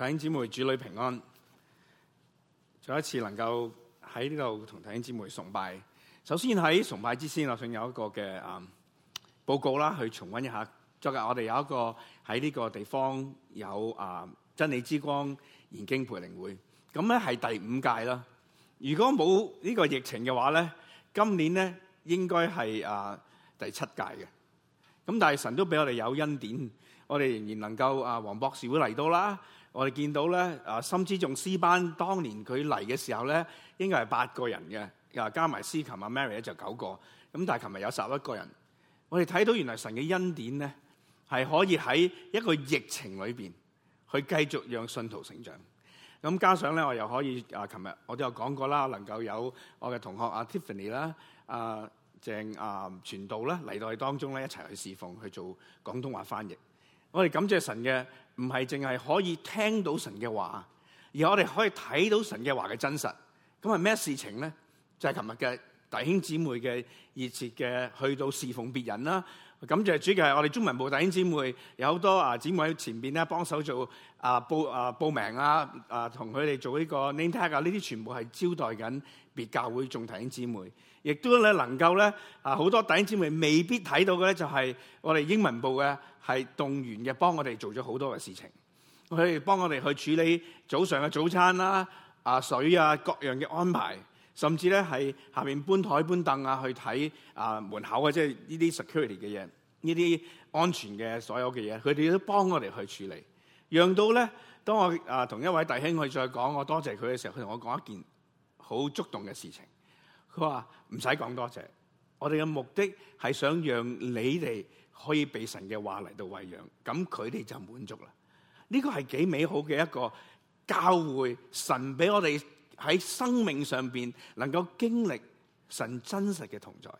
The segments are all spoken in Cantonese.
弟兄姊妹，主女平安。再一次能夠喺呢度同弟兄姊妹崇拜。首先喺崇拜之先，我想有一個嘅啊報告啦，去重溫一下。昨日我哋有一個喺呢個地方有啊真理之光研經培靈會，咁咧係第五屆啦。如果冇呢個疫情嘅話咧，今年咧應該係啊第七屆嘅。咁但係神都俾我哋有恩典，我哋仍然能夠啊，黃博士會嚟到啦。我哋見到咧，啊，甚至仲詩班當年佢嚟嘅時候咧，應該係八個人嘅，又加埋司琴阿 Mary 咧就九個。咁但係琴日有十一個人。我哋睇到原來神嘅恩典咧，係可以喺一個疫情裏邊，去繼續讓信徒成長。咁加上咧，我又可以啊，琴日我都有講過啦，能夠有我嘅同學阿 Tiffany 啦，啊，鄭啊傳道啦，嚟到當中咧一齊去侍奉去做廣東話翻譯。我哋感謝神嘅。唔係淨係可以聽到神嘅話，而我哋可以睇到神嘅話嘅真實。咁係咩事情咧？就係琴日嘅弟兄姊妹嘅熱切嘅去到侍奉別人啦。感謝主嘅係我哋中文部弟兄姊妹，有好多啊姊妹喺前面呢幫手做啊報啊報名啊，啊同佢哋做呢個 name tag 啊，呢啲全部係招待緊別教會眾弟兄姊妹，亦都咧能夠呢啊好多弟兄姊妹未必睇到嘅呢就係我哋英文部嘅係動員嘅幫我哋做咗好多嘅事情，佢哋幫我哋去處理早上嘅早餐啦啊水啊各樣嘅安排。甚至咧，係下面搬台搬凳啊，去睇啊、呃、門口嘅，即係呢啲 security 嘅嘢，呢啲安全嘅所有嘅嘢，佢哋都幫我哋去處理，讓到咧。當我啊同、呃、一位弟兄去再講，我多謝佢嘅時候，佢同我講一件好觸動嘅事情。佢話唔使講多謝，我哋嘅目的係想讓你哋可以被神嘅話嚟到餵養，咁佢哋就滿足啦。呢個係幾美好嘅一個教會神，神俾我哋。喺生命上邊能夠經歷神真實嘅同在，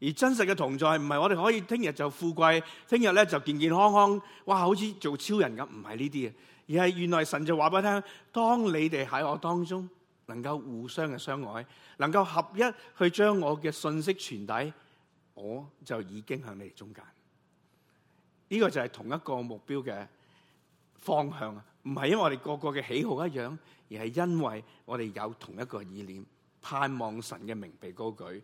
而真實嘅同在唔係我哋可以聽日就富貴，聽日咧就健健康康，哇好似做超人咁，唔係呢啲啊，而係原來神就話俾我聽，當你哋喺我當中能夠互相嘅相愛，能夠合一去將我嘅信息傳遞，我就已經向你哋中間。呢個就係同一個目標嘅。方向啊，唔係因為我哋個個嘅喜好一樣，而係因為我哋有同一個意念，盼望神嘅名被高舉，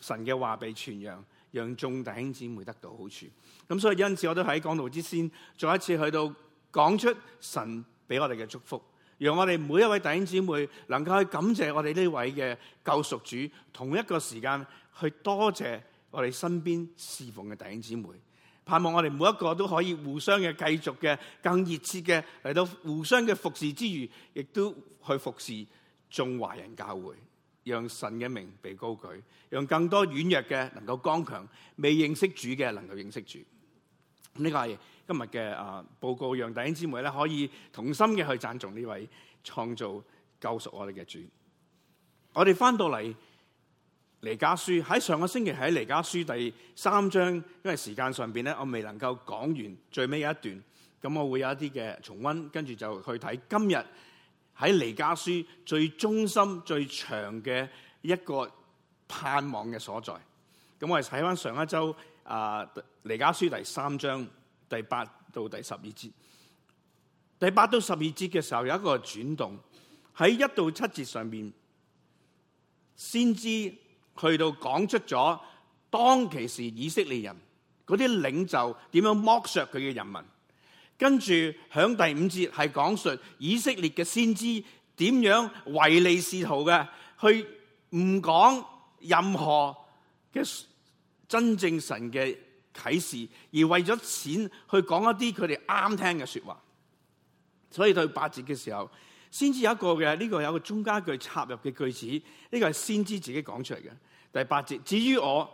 神嘅話被傳揚，讓眾弟兄姊妹得到好處。咁所以因此，我都喺講道之先，再一次去到講出神俾我哋嘅祝福，讓我哋每一位弟兄姊妹能夠去感謝我哋呢位嘅救贖主，同一個時間去多謝我哋身邊侍奉嘅弟兄姊妹。盼望我哋每一個都可以互相嘅繼續嘅更熱切嘅嚟到互相嘅服侍之餘，亦都去服侍眾華人教會，讓神嘅名被高舉，讓更多軟弱嘅能夠剛強，未認識主嘅能夠認識主。呢個係今日嘅啊報告，讓弟兄姊妹咧可以同心嘅去讚頌呢位創造救贖我哋嘅主。我哋翻到嚟。彌迦書喺上個星期喺彌迦書第三章，因為時間上邊咧，我未能夠講完最尾一段，咁我會有一啲嘅重溫，跟住就去睇今日喺彌迦書最中心、最長嘅一個盼望嘅所在。咁我哋睇返上一周啊彌迦書第三章第八到第十二節，第八到十二節嘅時候有一個轉動，喺一到七節上面先知。去到講出咗當其時以色列人嗰啲領袖點樣剝削佢嘅人民，跟住響第五節係講述以色列嘅先知點樣唯利是圖嘅，去唔講任何嘅真正神嘅啟示，而為咗錢去講一啲佢哋啱聽嘅說話。所以到八節嘅時候，先至有一個嘅呢個有一個中間句插入嘅句子，呢個係先知自己講出嚟嘅。第八節，至於我，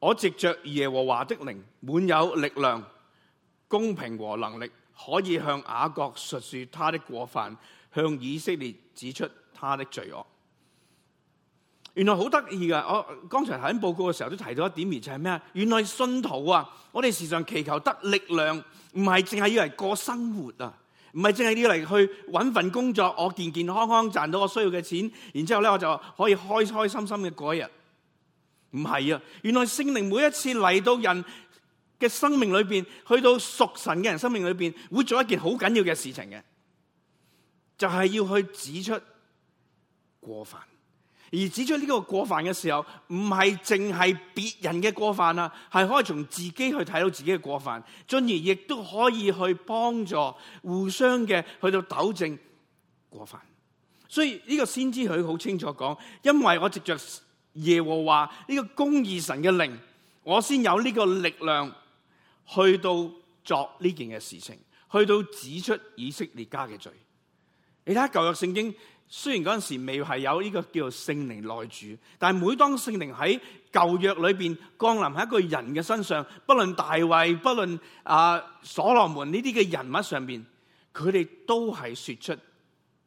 我藉着耶和華的靈，滿有力量、公平和能力，可以向雅各述說他的過犯，向以色列指出他的罪惡。原來好得意㗎，我剛才睇報告嘅時候都提到一點，而就係咩啊？原來信徒啊，我哋時常祈求得力量，唔係淨係要嚟過生活啊，唔係淨係要嚟去搵份工作，我健健康康賺到我需要嘅錢，然之後呢，我就可以開開心心嘅過一日。唔係啊！原來聖靈每一次嚟到人嘅生命裏邊，去到屬神嘅人生命裏邊，會做一件好緊要嘅事情嘅，就係、是、要去指出過犯。而指出呢個過犯嘅時候，唔係淨係別人嘅過犯啊，係可以從自己去睇到自己嘅過犯，進而亦都可以去幫助互相嘅去到糾正過犯。所以呢個先知佢好清楚講，因為我直着。耶和華呢個公義神嘅靈，我先有呢個力量去到作呢件嘅事情，去到指出以色列家嘅罪。你睇下舊約聖經，雖然嗰陣時未係有呢個叫做聖靈內住，但係每當聖靈喺舊約裏邊降臨喺一個人嘅身上，不論大衛，不論啊所羅門呢啲嘅人物上邊，佢哋都係說出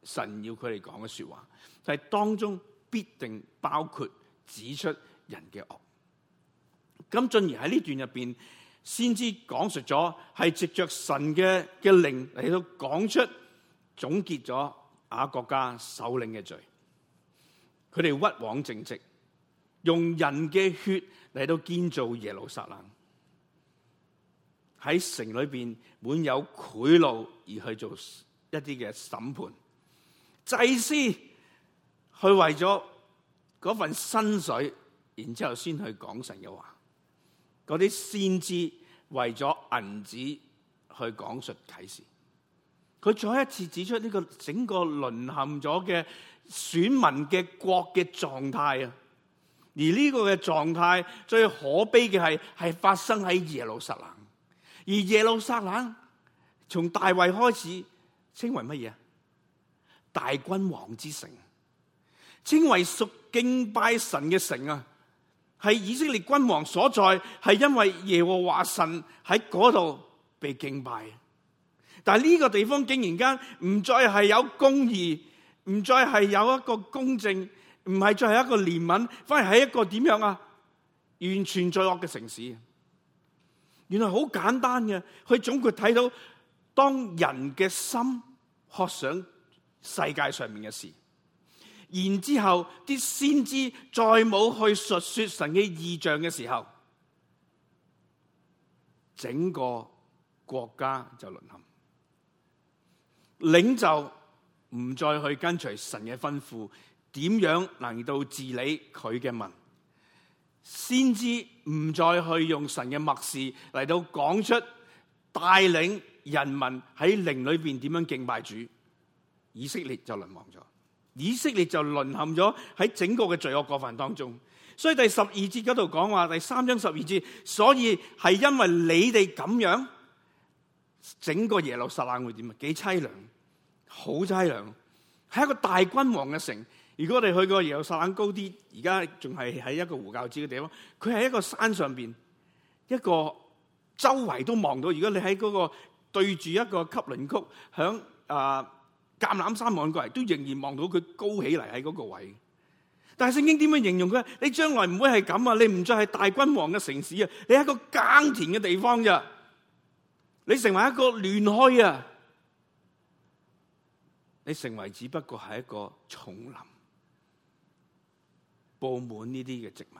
神要佢哋講嘅說話，但係當中必定包括。指出人嘅惡，咁進而喺呢段入邊，先知講述咗係藉着神嘅嘅靈嚟到講出，總結咗雅各家首領嘅罪。佢哋屈枉正直，用人嘅血嚟到建造耶路撒冷。喺城裏邊滿有賄賂而去做一啲嘅審判，祭司去為咗。嗰份薪水，然之後先去講神嘅話，嗰啲先知為咗銀子去講述啟示，佢再一次指出呢個整個淪陷咗嘅選民嘅國嘅狀態啊！而呢個嘅狀態最可悲嘅係係發生喺耶路撒冷，而耶路撒冷從大衛開始稱為乜嘢啊？大君王之城。稱為屬敬拜神嘅城啊，係以色列君王所在，係因為耶和華神喺嗰度被敬拜。但係呢個地方竟然間唔再係有公義，唔再係有一個公正，唔係再係一個憐憫，反而係一個點樣啊？完全罪惡嘅城市。原來好簡單嘅，佢總括睇到，當人嘅心渴想世界上面嘅事。然之後，啲先知再冇去述說神嘅異象嘅時候，整個國家就淪陷了，領袖唔再去跟隨神嘅吩咐，點樣能到治理佢嘅民？先知唔再去用神嘅默示嚟到講出帶領人民喺靈裏邊點樣敬拜主，以色列就淪亡咗。以色列就淪陷咗喺整個嘅罪惡過犯當中，所以第十二節嗰度講話第三章十二節，所以係因為你哋咁樣，整個耶路撒冷會點啊？幾凄涼，好凄涼，係一個大君王嘅城。如果我哋去過耶路撒冷高啲，而家仲係喺一個回教寺嘅地方，佢係一個山上邊，一個周圍都望到。如果你喺嗰個對住一個汲淪谷響啊。橄欖山望過嚟，都仍然望到佢高起嚟喺嗰個位。但係聖經點樣形容佢？你將來唔會係咁啊！你唔再係大君王嘅城市啊！你係一個耕田嘅地方咋？你成為一個亂墟啊！你成為只不過係一個叢林，佈滿呢啲嘅植物，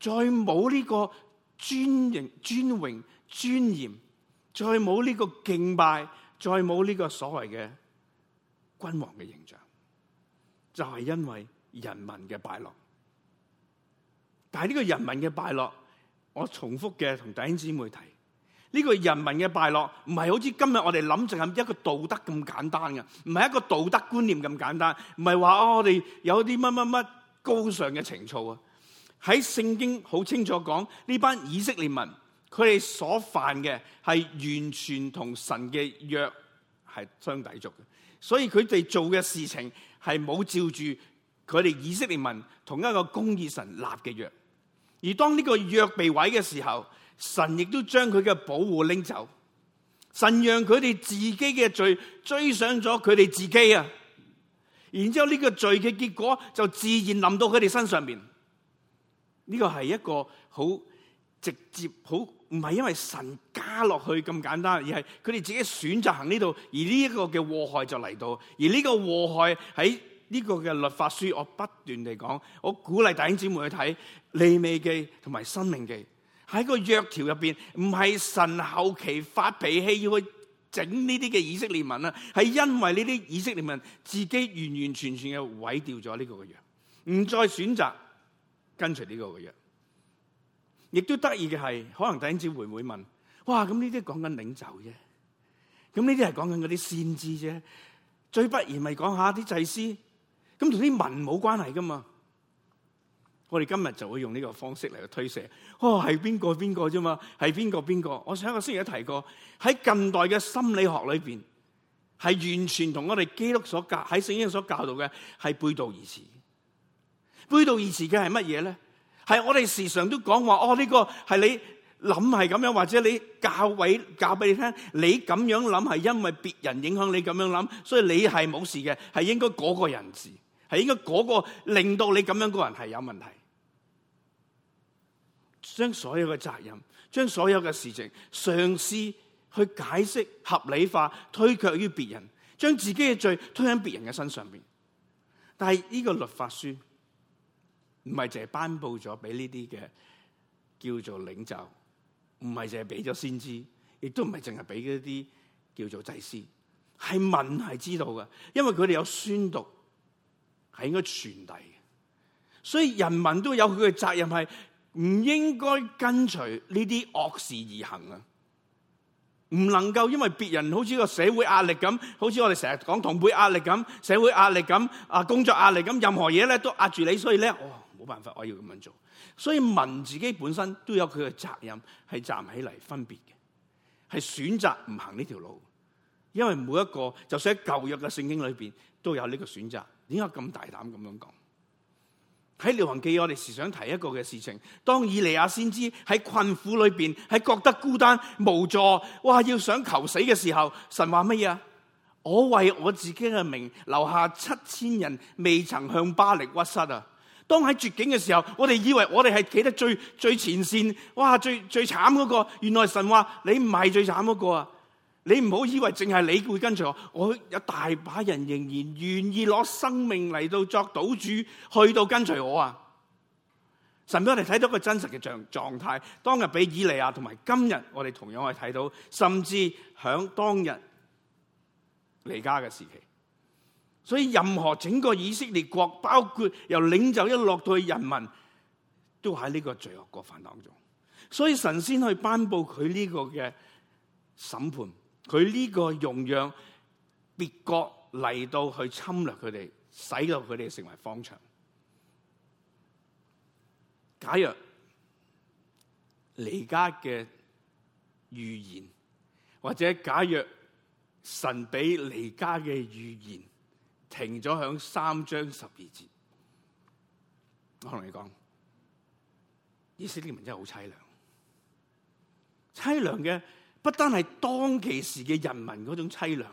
再冇呢個尊榮、尊榮、尊嚴，再冇呢個敬拜。再冇呢個所謂嘅君王嘅形象，就係、是、因為人民嘅敗落。但係呢個人民嘅敗落，我重複嘅同弟兄姊妹提，呢、這個人民嘅敗落唔係好似今日我哋諗淨係一個道德咁簡單嘅，唔係一個道德觀念咁簡單，唔係話我哋有啲乜乜乜高尚嘅情操啊！喺聖經好清楚講呢班以色列民。佢哋所犯嘅係完全同神嘅約係相抵觸嘅，所以佢哋做嘅事情係冇照住佢哋以色列民同一個公義神立嘅約。而當呢個約被毀嘅時候，神亦都將佢嘅保護拎走，神讓佢哋自己嘅罪追上咗佢哋自己啊！然之後呢個罪嘅結果就自然臨到佢哋身上面。呢個係一個好直接、好。唔係因為神加落去咁簡單，而係佢哋自己選擇行呢度，而呢一個嘅禍害就嚟到。而呢個禍害喺呢個嘅律法書，我不斷地講，我鼓勵弟兄姊妹去睇利未記同埋申命記藥。喺個約條入邊，唔係神後期發脾氣要去整呢啲嘅以色列民啊，係因為呢啲以色列民自己完完全全嘅毀掉咗呢個嘅約，唔再選擇跟隨呢個嘅約。亦都得意嘅係，可能第二朝會唔會問？哇！咁呢啲講緊領袖啫，咁呢啲係講緊嗰啲先知啫。最不然咪講下啲祭司，咁同啲民冇關係噶嘛？我哋今日就會用呢個方式嚟去推卸。哦，係邊個邊個啫嘛？係邊個邊個？我上個星期都提過，喺近代嘅心理學裏邊，係完全同我哋基督所教，喺聖經所教導嘅係背道而馳。背道而馳嘅係乜嘢咧？係我哋時常都講話哦，呢、這個係你諗係咁樣，或者你教會教俾你聽，你咁樣諗係因為別人影響你咁樣諗，所以你係冇事嘅，係應該嗰個人治，係應該嗰、那個令到你咁樣個人係有問題。將所有嘅責任，將所有嘅事情嘗試去解釋合理化，推卻於別人，將自己嘅罪推喺別人嘅身上邊。但係呢個律法書。唔係淨係頒布咗俾呢啲嘅叫做領袖，唔係淨係俾咗先知，亦都唔係淨係俾嗰啲叫做祭司，係問係知道嘅，因為佢哋有宣讀，係應該傳遞嘅，所以人民都有佢嘅責任，係唔應該跟隨呢啲惡事而行啊！唔能夠因為別人好似個社會壓力咁，好似我哋成日講同輩壓力咁，社會壓力咁啊，工作壓力咁，任何嘢咧都壓住你，所以咧，哦冇辦法，我要咁樣做，所以民自己本身都有佢嘅責任，係站起嚟分別嘅，係選擇唔行呢條路。因為每一個，就算喺舊約嘅聖經裏邊都有呢個選擇。點解咁大膽咁樣講？喺《列王記》，我哋時常提一個嘅事情，當以利亞先知喺困苦裏邊，係覺得孤單無助，哇，要想求死嘅時候，神話乜嘢啊？我為我自己嘅名留下七千人，未曾向巴力屈膝啊！當喺絕境嘅時候，我哋以為我哋係企得最最前線，哇，最最慘嗰個。原來神話你唔係最慘嗰個啊！你唔好以為淨係你會跟隨我，我有大把人仍然願意攞生命嚟到作賭注，去到跟隨我啊！神俾我哋睇到個真實嘅狀狀態。當日俾以利亞，同埋今日我哋同樣係睇到，甚至響當日彌迦嘅時期。所以任何整個以色列國，包括由領袖一落到去人民，都喺呢個罪惡過犯當中。所以神先去頒布佢呢個嘅審判，佢呢個用讓別國嚟到去侵略佢哋，使到佢哋成為方場。假若彌迦嘅預言，或者假若神俾彌迦嘅預言。停咗喺三章十二節，我同你講，以色列民真係好淒涼，淒涼嘅不單係當其時嘅人民嗰種淒涼，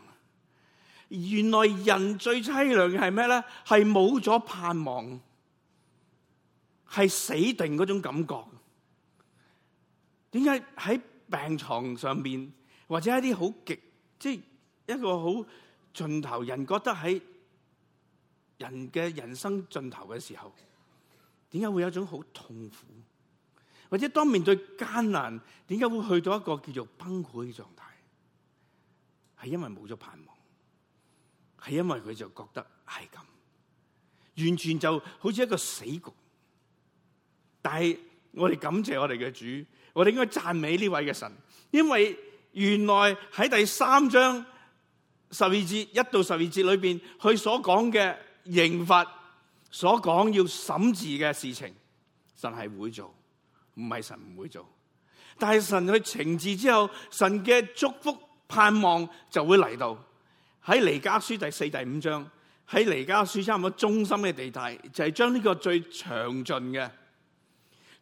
原來人最淒涼嘅係咩咧？係冇咗盼望，係死定嗰種感覺。點解喺病床上邊或者一啲好極，即、就、係、是、一個好盡頭人覺得喺？人嘅人生盡頭嘅時候，點解會有一種好痛苦？或者當面對艱難，點解會去到一個叫做崩潰嘅狀態？係因為冇咗盼望，係因為佢就覺得係咁，完全就好似一個死局。但係我哋感謝我哋嘅主，我哋應該讚美呢位嘅神，因為原來喺第三章十二節一到十二節裏邊，佢所講嘅。刑罰所講要審治嘅事情，神係會做，唔係神唔會做。但係神去懲治之後，神嘅祝福盼望就會嚟到。喺彌迦書第四、第五章，喺彌迦書差唔多中心嘅地帶，就係、是、將呢個最詳盡嘅、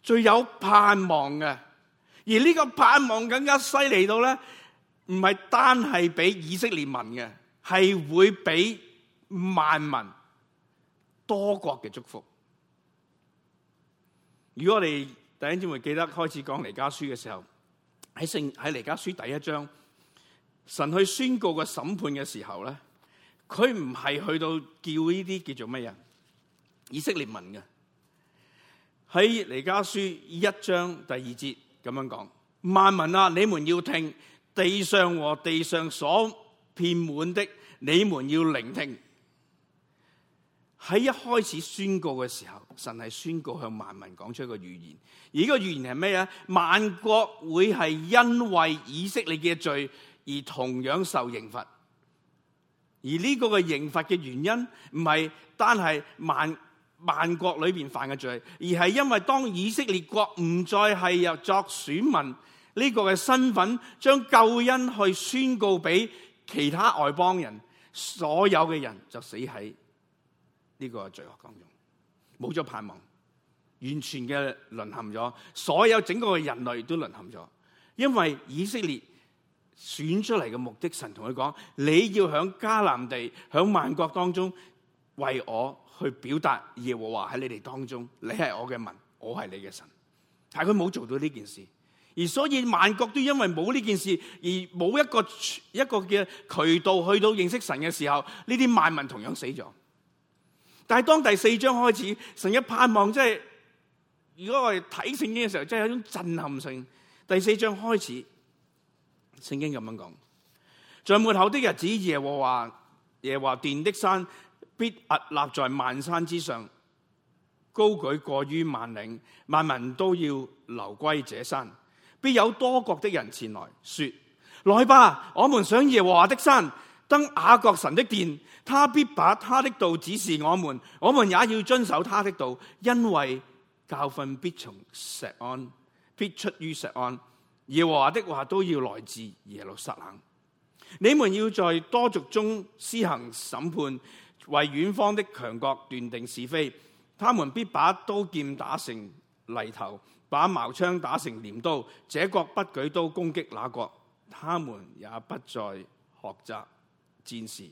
最有盼望嘅，而呢個盼望更加犀利到咧，唔係單係俾以色列民嘅，係會俾萬民。多國嘅祝福。如果我哋弟兄姊妹記得開始講彌迦書嘅時候，喺聖喺彌迦書第一章，神去宣告嘅審判嘅時候咧，佢唔係去到叫呢啲叫做咩嘢？以色列文嘅喺彌迦書一章第二節咁樣講：萬民啊，你們要聽地上和地上所遍滿的，你們要聆聽。喺一開始宣告嘅時候，神係宣告向萬民講出一個預言。而呢個預言係咩嘢？萬國會係因為以色列嘅罪而同樣受刑罰。而呢個嘅刑罰嘅原因唔係單係萬萬國裏邊犯嘅罪，而係因為當以色列國唔再係由作選民呢個嘅身份，將救恩去宣告俾其他外邦人，所有嘅人就死喺呢個罪惡當中，冇咗盼望，完全嘅淪陷咗，所有整個嘅人類都淪陷咗。因為以色列選出嚟嘅目的，神同佢講：你要喺迦南地、喺萬國當中為我去表達耶和華喺你哋當中，你係我嘅民，我係你嘅神。但係佢冇做到呢件事，而所以萬國都因為冇呢件事而冇一個一個嘅渠道去到認識神嘅時候，呢啲萬民同樣死咗。但係當第四章開始，神嘅盼望即係如果我哋睇聖經嘅時候，真係有一種震撼性。第四章開始，聖經咁樣講：在末後的日子，耶和華耶和華殿的山必屹立在萬山之上，高舉過於萬嶺，萬民都要流歸這山。必有多國的人前來說：來吧，我們上耶和華的山。登雅各神的殿，他必把他的道指示我們，我們也要遵守他的道。因為教訓必從石安，必出於石安。耶和華的話都要來自耶路撒冷。你們要在多族中施行審判，為遠方的強國斷定是非。他們必把刀劍打成犁頭，把矛槍打成鐮刀。這國不舉刀攻擊那國，他們也不再學習戰士，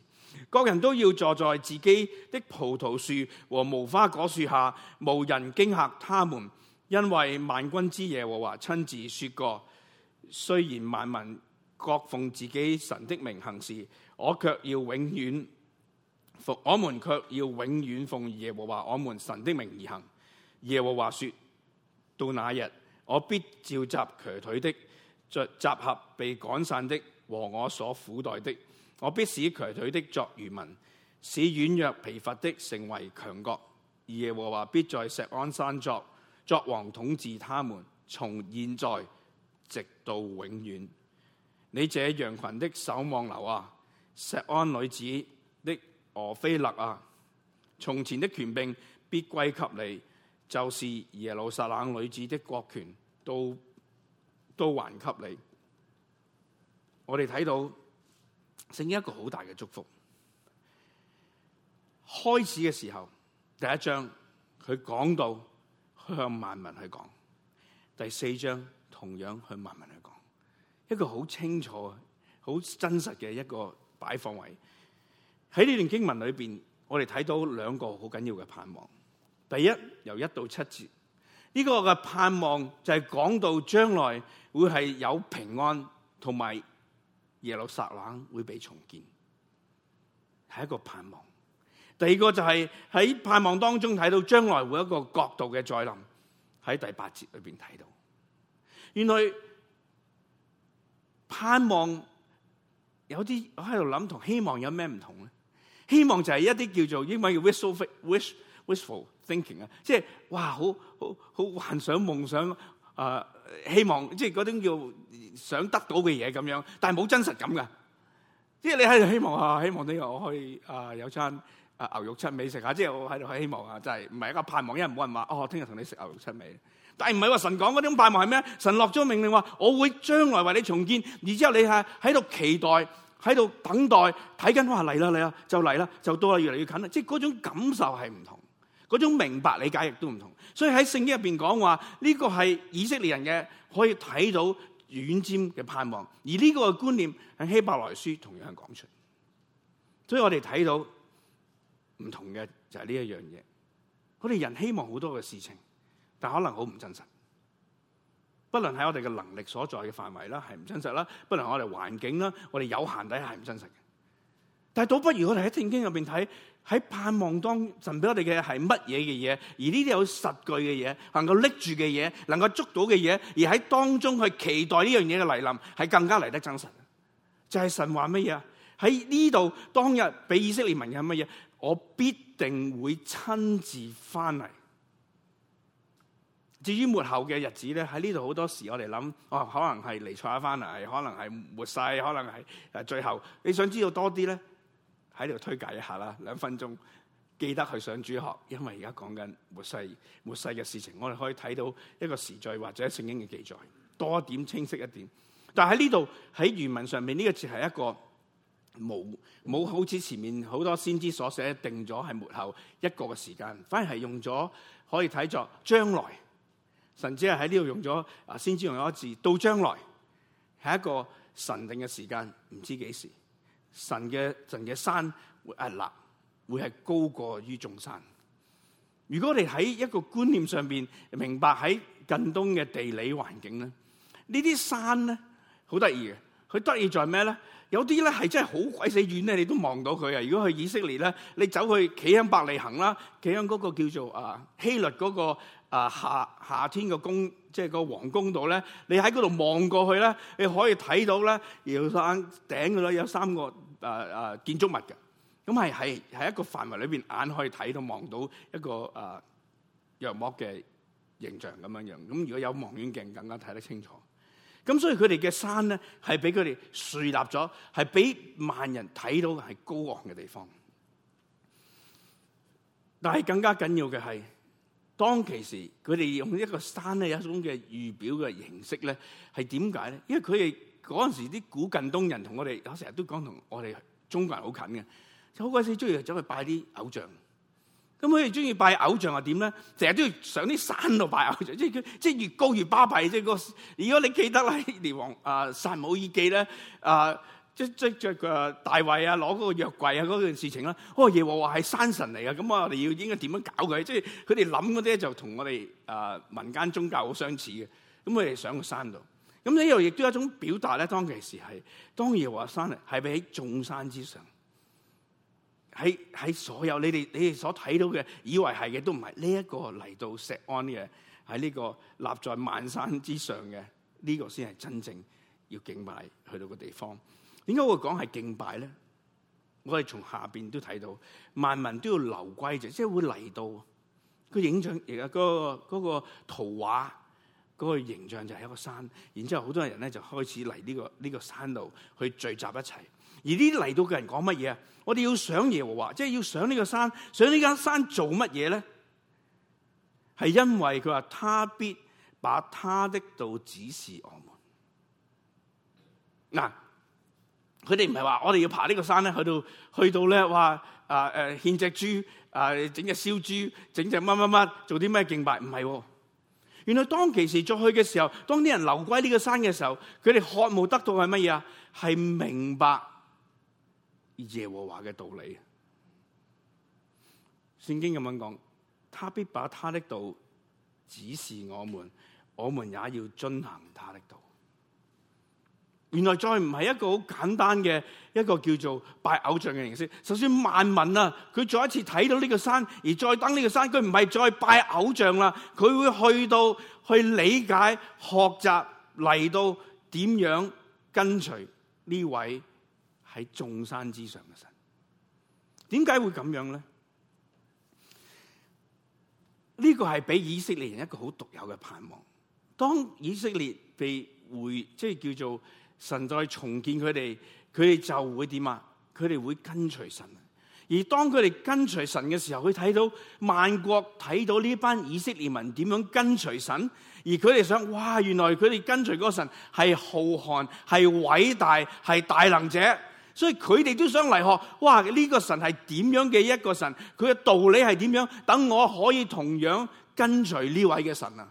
各人都要坐在自己的葡萄樹和無花果樹下，無人驚嚇他們，因為萬軍之耶和華親自說過：雖然萬民各奉自己神的名行事，我却要永遠奉，我們卻要永遠奉耶和華我們神的名而行。耶和華說到那日，我必召集瘸腿的，聚集合被趕散的和我所苦待的。我必使瘸腿的作漁民，使軟弱疲乏的成為強國。耶和華必在錫安山作作王統治他們，從現在直到永遠。你這羊群的守望樓啊，錫安女子的俄菲勒啊，從前的權柄必歸給你，就是耶路撒冷女子的國權都，都都還給你。我哋睇到。聖一個好大嘅祝福。開始嘅時候，第一章佢講到，向萬民去講；第四章同樣向萬民去講。一個好清楚、好真實嘅一個擺放位。喺呢段經文裏邊，我哋睇到兩個好緊要嘅盼望。第一，由一到七節，呢、這個嘅盼望就係講到將來會係有平安同埋。耶路撒冷會被重建，係一個盼望。第二個就係喺盼望當中睇到將來會有一個角度嘅再臨，喺第八節裏邊睇到。原來盼望有啲我喺度諗同希望有咩唔同咧？希望就係一啲叫做英文叫 wishful，wish，wishful thinking 啊，即係哇，好好好幻想夢想。啊、呃，希望即係嗰種叫想得到嘅嘢咁樣，但係冇真實感嘅。即係你喺度希望啊，希望你我可以啊、呃、有餐啊牛肉七味食下。即係我喺度希望啊，就係唔係一個盼望，因為冇人話哦，聽日同你食牛肉七味。但係唔係話神講嗰種盼望係咩？神落咗命令話，我會將來為你重建，然之後你係喺度期待、喺度等待、睇緊，話嚟啦嚟啦，就嚟啦，就到啦，越嚟越近啦。即係嗰種感受係唔同。嗰種明白理解亦都唔同，所以喺聖經入邊講話呢個係以色列人嘅可以睇到遠瞻嘅盼望，而呢個觀念喺希伯來書同樣係講出，所以我哋睇到唔同嘅就係呢一樣嘢。我哋人希望好多嘅事情，但可能好唔真實。不論喺我哋嘅能力所在嘅範圍啦，係唔真實啦；不論喺我哋環境啦，我哋有限底下係唔真實嘅。但係倒不如我哋喺聖經入邊睇。喺盼望當神俾我哋嘅係乜嘢嘅嘢，而呢啲有實據嘅嘢，能夠拎住嘅嘢，能夠捉到嘅嘢，而喺當中去期待呢樣嘢嘅嚟臨，係更加嚟得真實。就係、是、神話乜嘢啊？喺呢度當日俾以色列民嘅乜嘢？我必定會親自翻嚟。至於末後嘅日子咧，喺呢度好多時我哋諗，哇、哦，可能係離錯咗翻嚟，係可能係末世，可能係誒最後。你想知道多啲咧？喺度推介一下啦，兩分鐘記得去上主學，因為而家講緊末世末世嘅事情，我哋可以睇到一個時序或者聖經嘅記載多一點清晰一點。但係喺呢度喺原文上面呢個字係一個冇冇好似前面好多先知所寫定咗係末後一個嘅時間，反而係用咗可以睇作將來。甚至係喺呢度用咗啊先知用咗字到將來係一個神定嘅時間，唔知幾時。神嘅神嘅山會屹立，會係高過於眾山。如果你喺一個觀念上邊明白喺近東嘅地理環境咧，很呢啲山咧好得意嘅，佢得意在咩咧？有啲咧係真係好鬼死遠咧，你都望到佢啊！如果去以色列咧，你走去企響伯利恒啦，企響個叫做啊希律嗰個啊夏夏天嘅宮，即係個皇宮度咧，你喺嗰度望過去咧，你可以睇到咧，耶路撒冷頂嗰度有三個。啊啊！建築物嘅，咁係喺喺一個範圍裏邊眼可以睇到，望到一個啊陽膜嘅形象咁樣樣。咁如果有望遠鏡，更加睇得清楚。咁所以佢哋嘅山咧，係俾佢哋樹立咗，係俾萬人睇到嘅，係高昂嘅地方。但係更加緊要嘅係，當其時佢哋用一個山係一種嘅預表嘅形式咧，係點解咧？因為佢哋。嗰陣時啲古近東人同我哋，我成日都講同我哋中國人好近嘅，就好鬼死中意走去拜啲偶像。咁佢哋中意拜偶像又點咧？成日都要上啲山度拜偶像，即係即係越高越巴閉。即係個，如果你記得咧，列王啊，撒母耳記咧，啊即即着啊大衛啊，攞嗰個約櫃啊嗰件、那個、事情啦。哦，耶和華係山神嚟嘅，咁啊，我哋要應該點樣搞佢？即係佢哋諗嗰啲就同我哋啊民間宗教好相似嘅。咁佢哋上個山度。咁呢又亦都一種表達咧。當其時係，當夜華山係咪喺眾山之上？喺喺所有你哋你哋所睇到嘅，以為係嘅都唔係呢一個嚟到錫安嘅，喺呢個立在萬山之上嘅呢個先係真正要敬拜去到個地方。點解會講係敬拜咧？我哋從下面都睇到萬民都要流歸著，即係會嚟到佢影像而家嗰個嗰個圖畫。嗰個形象就係一個山，然之後好多人咧就開始嚟呢、這個呢、這個山度去聚集一齊。而呢嚟到嘅人講乜嘢啊？我哋要上耶和華，即係要上呢個山，上呢間山做乜嘢咧？係因為佢話：他必把他的道指示我們。嗱，佢哋唔係話我哋要爬呢個山咧，去到去到咧話啊誒獻隻豬啊，整、呃、隻燒豬，整隻乜乜乜，做啲咩敬拜？唔係喎。原來當其時再去嘅時候，當啲人流歸呢個山嘅時候，佢哋渴望得到係乜嘢啊？係明白耶和華嘅道理。聖經咁樣講，他必把他的道指示我們，我們也要遵行他的道。原來再唔係一個好簡單嘅一個叫做拜偶像嘅形式，首先，萬民啊，佢再一次睇到呢個山，而再登呢個山，佢唔係再拜偶像啦，佢會去到去理解、學習嚟到點樣跟隨呢位喺眾山之上嘅神。點解會咁樣咧？呢個係俾以色列人一個好獨有嘅盼望。當以色列被回即係叫做。神再重建佢哋，佢哋就會點啊？佢哋會跟隨神。而當佢哋跟隨神嘅時候，佢睇到萬國睇到呢班以色列民點樣跟隨神，而佢哋想：哇！原來佢哋跟隨嗰個神係浩瀚、係偉大、係大能者，所以佢哋都想嚟學。哇！呢個神係點樣嘅一個神？佢嘅道理係點樣？等我可以同樣跟隨呢位嘅神啊！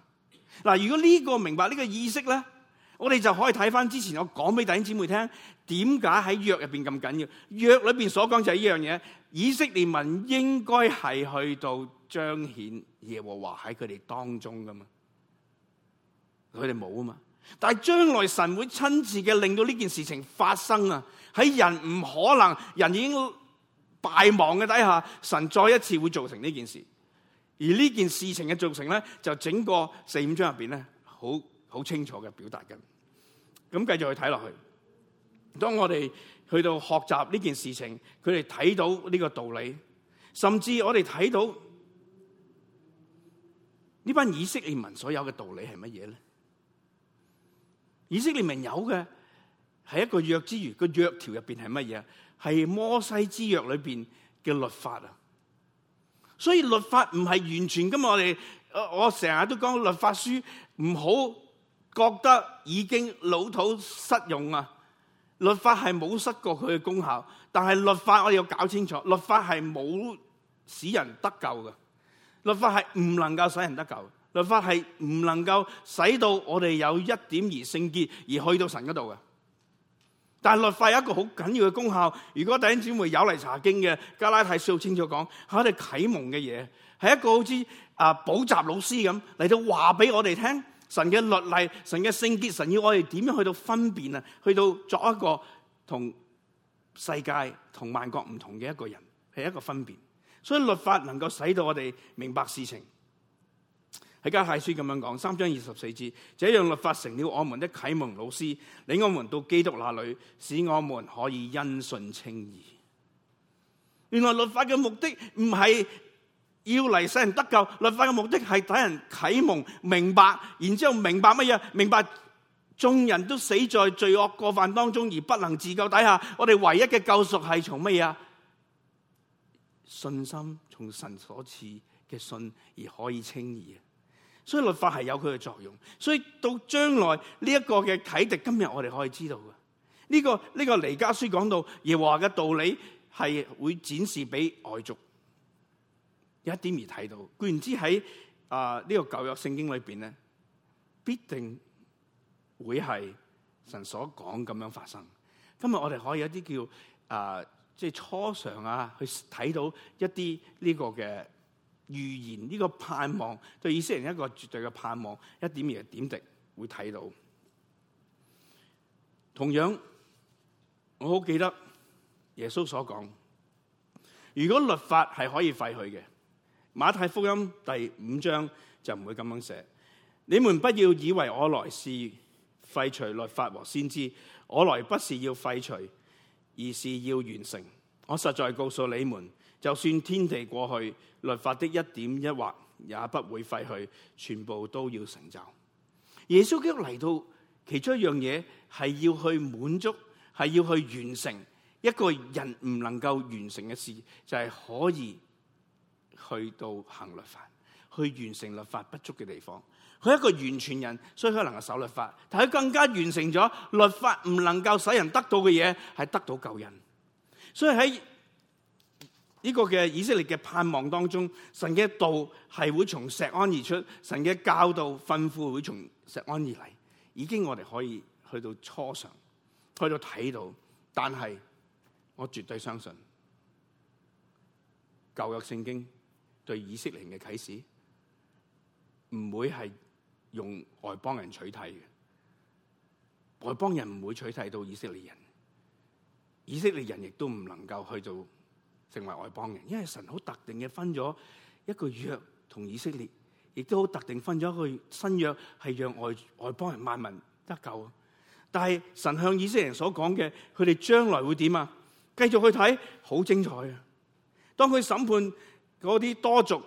嗱，如果呢個明白呢個意識咧？我哋就可以睇翻之前我講俾弟兄姊妹聽，點解喺約入邊咁緊要？約裏邊所講就係呢樣嘢，以色列民應該係去到彰顯耶和華喺佢哋當中噶嘛？佢哋冇啊嘛？但係將來神會親自嘅令到呢件事情發生啊！喺人唔可能，人已經敗亡嘅底下，神再一次會做成呢件事。而呢件事情嘅造成咧，就整個四五章入邊咧，好好清楚嘅表達嘅，咁繼續看下去睇落去。當我哋去到學習呢件事情，佢哋睇到呢個道理，甚至我哋睇到呢班以色列民所有嘅道理係乜嘢咧？以色列民有嘅係一個約之餘，個約條入邊係乜嘢？係摩西之約裏邊嘅律法啊！所以律法唔係完全咁，我哋我成日都講律法書唔好。覺得已經老土失用啊！律法係冇失過佢嘅功效，但係律法我哋要搞清楚，律法係冇使人得救嘅，律法係唔能夠使人得救，律法係唔能夠使到我哋有一點而聖潔而去到神嗰度嘅。但係律法有一個好緊要嘅功效，如果弟兄姊妹有嚟查經嘅，加拉太書清楚講係我哋啟蒙嘅嘢，係一個好似啊補習老師咁嚟到話俾我哋聽。神嘅律例、神嘅聖潔、神要我哋點樣去到分辨啊，去到作一個同世界、同萬國唔同嘅一個人，係一個分辨。所以律法能夠使到我哋明白事情。喺《加拉太書》咁樣講，三章二十四節，這樣律法成了我們的啟蒙老師，領我們到基督那裏，使我們可以因信稱義。原來律法嘅目的唔係。要嚟使人得救，律法嘅目的係等人啟蒙明白，然之後明白乜嘢？明白眾人都死在罪惡過犯當中而不能自救。底下我哋唯一嘅救贖係從乜嘢啊？信心從神所賜嘅信而可以稱義，啊！所以律法係有佢嘅作用。所以到將來呢一個嘅啟迪，今日我哋可以知道嘅呢、這個呢、這個彌迦書講到耶和華嘅道理係會展示俾外族。一點而睇到，固然之喺啊呢個舊約聖經裏邊咧，必定會係神所講咁樣發生。今日我哋可以一啲叫啊，即、呃、係、就是、初嘗啊，去睇到一啲呢個嘅預言，呢、這個盼望對以色列人一個絕對嘅盼望，一點而點滴會睇到。同樣，我好記得耶穌所講：如果律法係可以廢去嘅。馬太福音第五章就唔會咁樣寫，你們不要以為我來是廢除律法和先知，我來不是要廢除，而是要完成。我實在告訴你們，就算天地過去，律法的一點一劃也不會廢去，全部都要成就。耶穌基督嚟到，其中一樣嘢係要去滿足，係要去完成一個人唔能夠完成嘅事，就係、是、可以。去到行律法，去完成律法不足嘅地方，佢係一個完全人，所以可能係守律法，但係佢更加完成咗律法唔能夠使人得到嘅嘢，係得到救恩。所以喺呢個嘅以色列嘅盼望當中，神嘅道係會從錫安而出，神嘅教導訓誨會從錫安而嚟，已經我哋可以去到初嘗去到睇到，但係我絕對相信舊約聖經。對以色列人嘅啟示唔會係用外邦人取締嘅，外邦人唔會取締到以色列人。以色列人亦都唔能夠去到成為外邦人，因為神好特定嘅分咗一個約同以色列，亦都好特定分咗一個新約，係讓外外邦人萬民得救。但係神向以色列人所講嘅，佢哋將來會點啊？繼續去睇，好精彩啊！當佢審判。嗰啲多族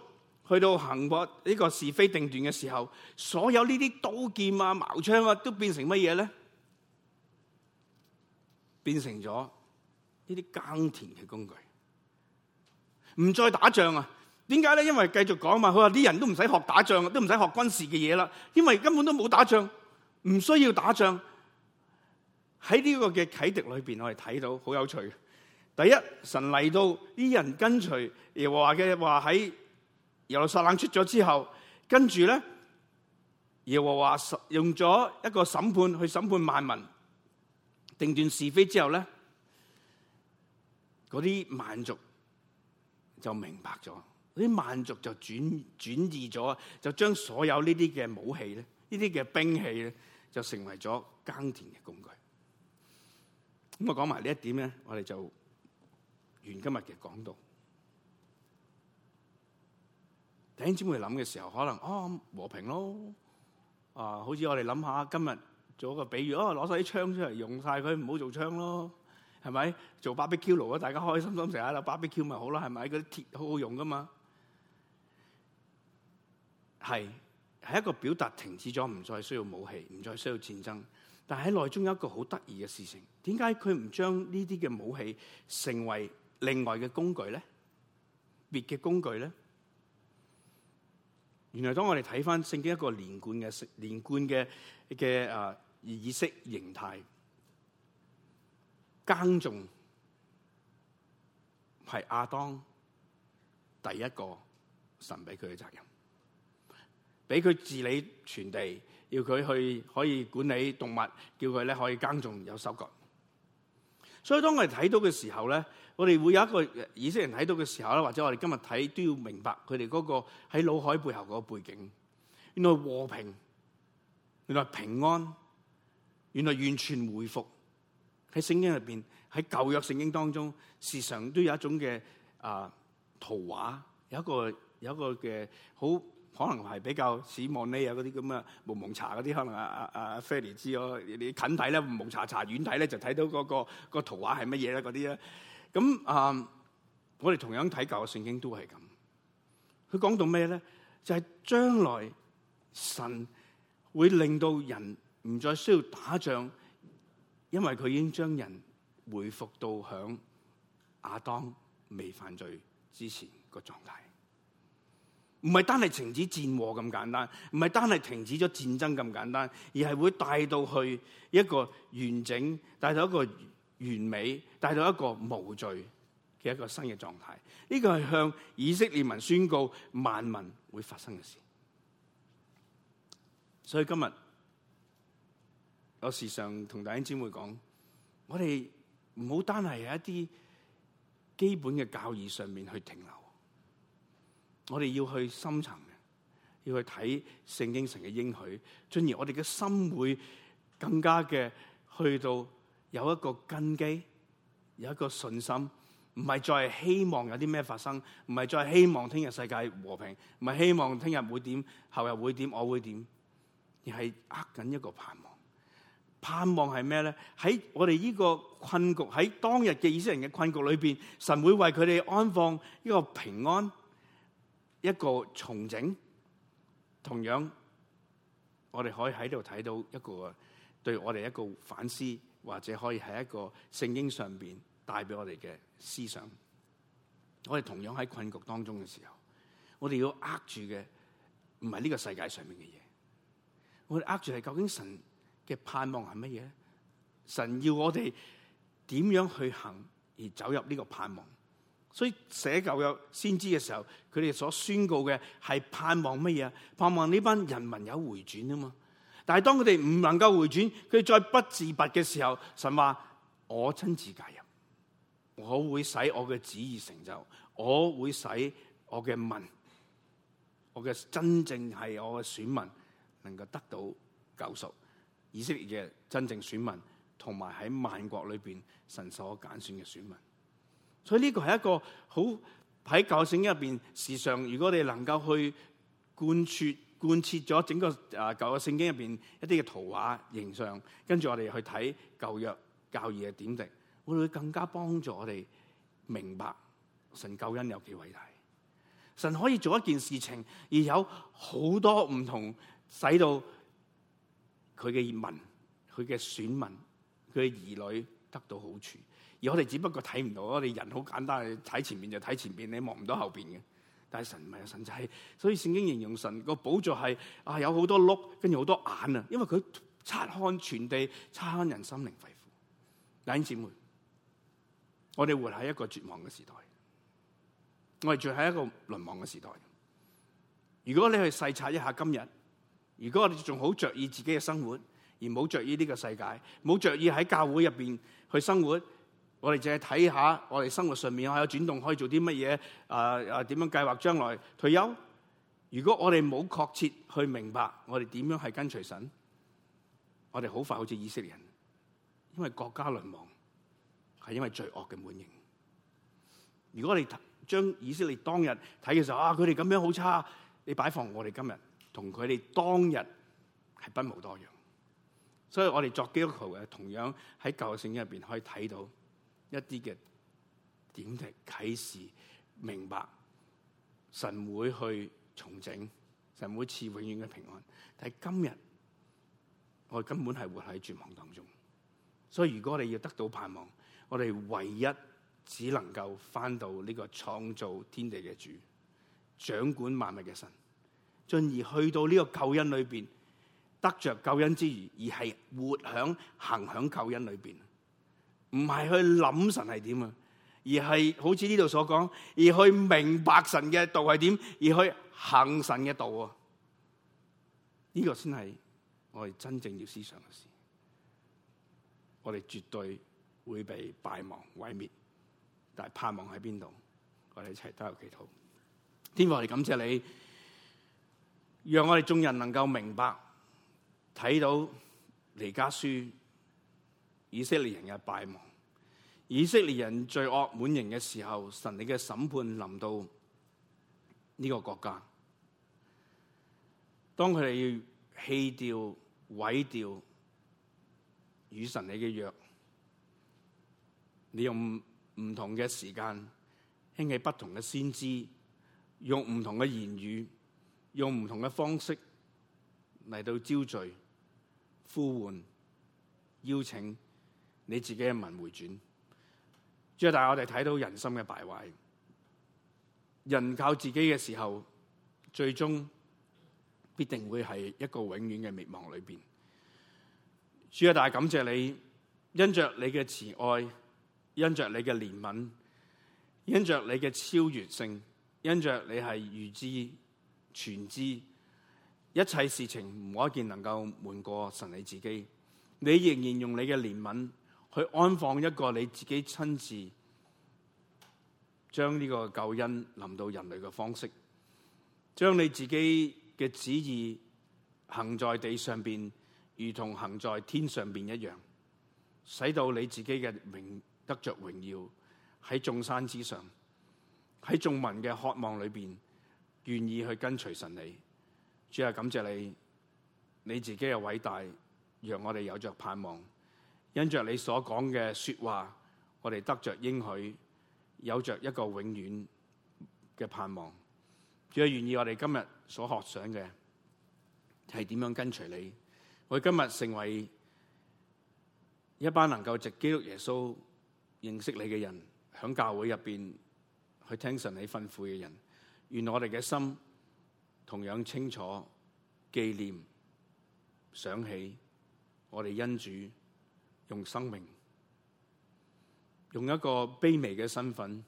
去到行過呢個是非定斷嘅時候，所有呢啲刀劍啊、矛槍啊，都變成乜嘢咧？變成咗呢啲耕田嘅工具，唔再打仗啊？點解咧？因為繼續講嘛，佢話啲人都唔使學打仗，都唔使學軍事嘅嘢啦，因為根本都冇打仗，唔需要打仗。喺呢個嘅啟迪裏邊，我哋睇到好有趣。第一，神嚟到啲人跟隨耶和華嘅話喺耶路撒冷出咗之後，跟住咧耶和華用咗一個審判去審判萬民，定斷是非之後咧，嗰啲萬族就明白咗，嗰啲萬族就轉轉移咗，就將所有呢啲嘅武器咧，呢啲嘅兵器咧，就成為咗耕田嘅工具。咁我講埋呢一點咧，我哋就。原今日嘅講道，頂尖會諗嘅時候，可能啊和平咯，啊好似我哋諗下今日做一個比喻，哦攞晒啲槍出嚟用晒佢，唔好做槍咯，係咪？做 barbecue 爐啊，大家開心心成日喺度 barbecue 咪好啦，係咪？嗰啲鐵好好用噶嘛，係係一個表達停止咗，唔再需要武器，唔再需要戰爭。但係喺內中有一個好得意嘅事情，點解佢唔將呢啲嘅武器成為？另外嘅工具咧，別嘅工具咧，原來當我哋睇翻聖經一個連貫嘅連貫嘅嘅啊意識形態，耕種係亞當第一個神俾佢嘅責任，俾佢治理全地，要佢去可以管理動物，叫佢咧可以耕種有收割。所以當我哋睇到嘅時候咧。我哋會有一個以色列人睇到嘅時候啦，或者我哋今日睇都要明白佢哋嗰個喺腦海背後嗰個背景。原來和平，原來平安，原來完全回復。喺聖經入邊，喺舊約聖經當中，時常都有一種嘅啊圖畫，有一個有一個嘅好可能係比較史莫呢，啊嗰啲咁嘅蒙蒙查嗰啲，可能阿阿阿菲利知咯。你近睇咧蒙查查，遠睇咧就睇到嗰、嗰個、嗰個那個圖畫係乜嘢啦嗰啲咧。咁啊！Uh, 我哋同樣睇教嘅聖經都係咁。佢講到咩咧？就係將來神會令到人唔再需要打仗，因為佢已經將人回復到響亞當未犯罪之前個狀態。唔係單係停止戰禍咁簡單，唔係單係停止咗戰爭咁簡單，而係會帶到去一個完整，帶到一個。完美帶，到一個無罪嘅一個新嘅狀態，呢個係向以色列民宣告萬民會發生嘅事。所以今日我時常同弟兄姊妹講，我哋唔好單係喺一啲基本嘅教義上面去停留，我哋要去深層嘅，要去睇聖經上嘅應許，進而我哋嘅心會更加嘅去到。有一個根基，有一個信心，唔係再希望有啲咩發生，唔係再希望聽日世界和平，唔係希望聽日會點，後日會點，我會點，而係握緊一個盼望。盼望係咩咧？喺我哋呢個困局，喺當日嘅以色列人嘅困局裏邊，神會為佢哋安放一個平安，一個重整。同樣，我哋可以喺度睇到一個對我哋一個反思。或者可以喺一個聖經上邊帶俾我哋嘅思想，我哋同樣喺困局當中嘅時候，我哋要握住嘅唔係呢個世界上面嘅嘢，我哋握住係究竟神嘅盼望係乜嘢咧？神要我哋點樣去行而走入呢個盼望，所以寫舊約先知嘅時候，佢哋所宣告嘅係盼望乜嘢啊？盼望呢班人民有回轉啊嘛！但係當佢哋唔能夠回轉，佢再不自拔嘅時候，神話我親自介入，我會使我嘅旨意成就，我會使我嘅民，我嘅真正係我嘅選民，能夠得到救贖。以色列嘅真正選民，同埋喺萬國裏邊神所揀選嘅選民。所以呢個係一個好喺教醒入邊時常，如果你能夠去貫徹。貫徹咗整個啊舊嘅聖經入邊一啲嘅圖畫形象，跟住我哋去睇舊約教義嘅點滴，我哋會更加幫助我哋明白神救恩有幾偉大。神可以做一件事情，而有好多唔同，使到佢嘅民、佢嘅選民、佢嘅兒女得到好處，而我哋只不過睇唔到，我哋人好簡單，你睇前面就睇前面，你望唔到後面嘅。但係神唔係啊，神仔，係，所以聖經形容神個寶座係啊有好多碌，跟住好多眼啊，因為佢察看全地，察看人心靈肺腑。弟兄姊妹，我哋活喺一個絕望嘅時代，我哋住喺一個淪亡嘅時代。如果你去細察一下今日，如果我哋仲好着意自己嘅生活，而冇着意呢個世界，冇着意喺教會入邊去生活。我哋淨係睇下我哋生活上面可有轉動，可以做啲乜嘢？啊、呃、啊，點樣計劃將來退休？如果我哋冇確切去明白我哋點樣係跟隨神，我哋好快好似以色列人，因為國家淪亡係因為罪惡嘅滿盈。如果我哋將以色列當日睇嘅時候啊，佢哋咁樣好差，你擺放我哋今日同佢哋當日係不冇多樣。所以我哋作基督徒嘅，同樣喺舊聖經入邊可以睇到。一啲嘅點滴啟示，明白神會去重整，神會賜永遠嘅平安。但係今日我根本係活喺絕望當中，所以如果我哋要得到盼望，我哋唯一只能夠翻到呢個創造天地嘅主，掌管萬物嘅神，進而去到呢個救恩裏邊，得着救恩之餘，而係活響行響救恩裏邊。唔係去諗神係點啊而係好似呢度所講，而去明白神嘅道係點，而去行神嘅道啊！呢個先係我哋真正要思想嘅事。我哋絕對會被敗亡毀滅，但係盼望喺邊度？我哋一齊都有祈禱。天父，我哋感謝你，讓我哋眾人能夠明白、睇到彌迦書。以色列人嘅敗亡，以色列人罪惡滿盈嘅時候，神你嘅審判臨到呢個國家。當佢哋要棄掉、毀掉與神你嘅約，你用唔同嘅時間，興起不同嘅先知，用唔同嘅言語，用唔同嘅方式嚟到招聚、呼喚、邀請。你自己嘅文回轉，主啊！但我哋睇到人心嘅敗壞，人靠自己嘅時候，最終必定會係一個永遠嘅滅亡裏邊。主啊！但感謝你，因着你嘅慈愛，因着你嘅憐憫，因着你嘅超越性，因着你係預知全知，一切事情冇一件能夠瞞過神你自己。你仍然用你嘅憐憫。去安放一個你自己親自將呢個救恩臨到人類嘅方式，將你自己嘅旨意行在地上邊，如同行在天上邊一樣，使到你自己嘅榮得著榮耀喺眾山之上，喺眾民嘅渴望裏邊，願意去跟隨神你。主要感謝你，你自己嘅偉大，讓我哋有着盼望。因着你所講嘅說話，我哋得着應許，有着一個永遠嘅盼望。亦係願意我哋今日所學想嘅係點樣跟隨你。我哋今日成為一班能夠藉基督耶穌認識你嘅人，響教會入邊去聽神你吩咐嘅人。願我哋嘅心同樣清楚紀念想起我哋恩主。用生命，用一個卑微嘅身份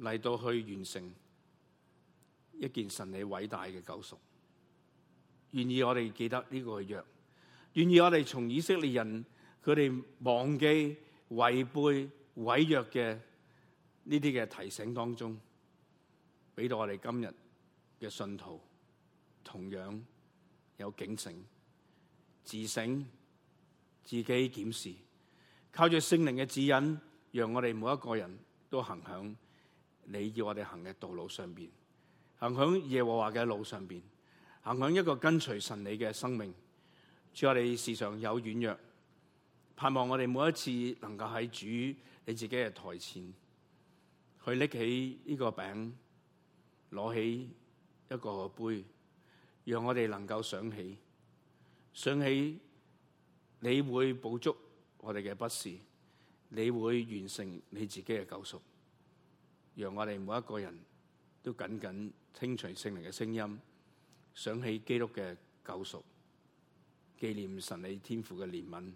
嚟到去完成一件神嘅偉大嘅救贖。願意我哋記得呢個約，願意我哋從以色列人，佢哋忘記、違背、違約嘅呢啲嘅提醒當中，俾到我哋今日嘅信徒同樣有警醒、自省。自己檢視，靠住聖靈嘅指引，讓我哋每一個人都行響你要我哋行嘅道路上邊，行響耶和華嘅路上邊，行響一個跟隨神你嘅生命。主，我哋時常有軟弱，盼望我哋每一次能夠喺主你自己嘅台前，去拎起呢個餅，攞起一個杯，讓我哋能夠想起，想起。你會補足我哋嘅不是，你會完成你自己嘅救贖，讓我哋每一個人都緊緊聽隨聖靈嘅聲音，想起基督嘅救贖，紀念神你天父嘅憐憫，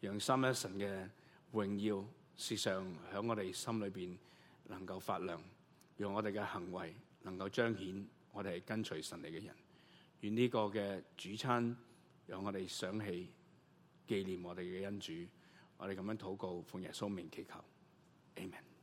讓三一神嘅榮耀時常喺我哋心裏邊能夠發亮，讓我哋嘅行為能夠彰顯我哋係跟隨神你嘅人。願呢個嘅主餐讓我哋想起。紀念我哋嘅恩主，我哋咁樣禱告，奉耶穌名祈求，amen。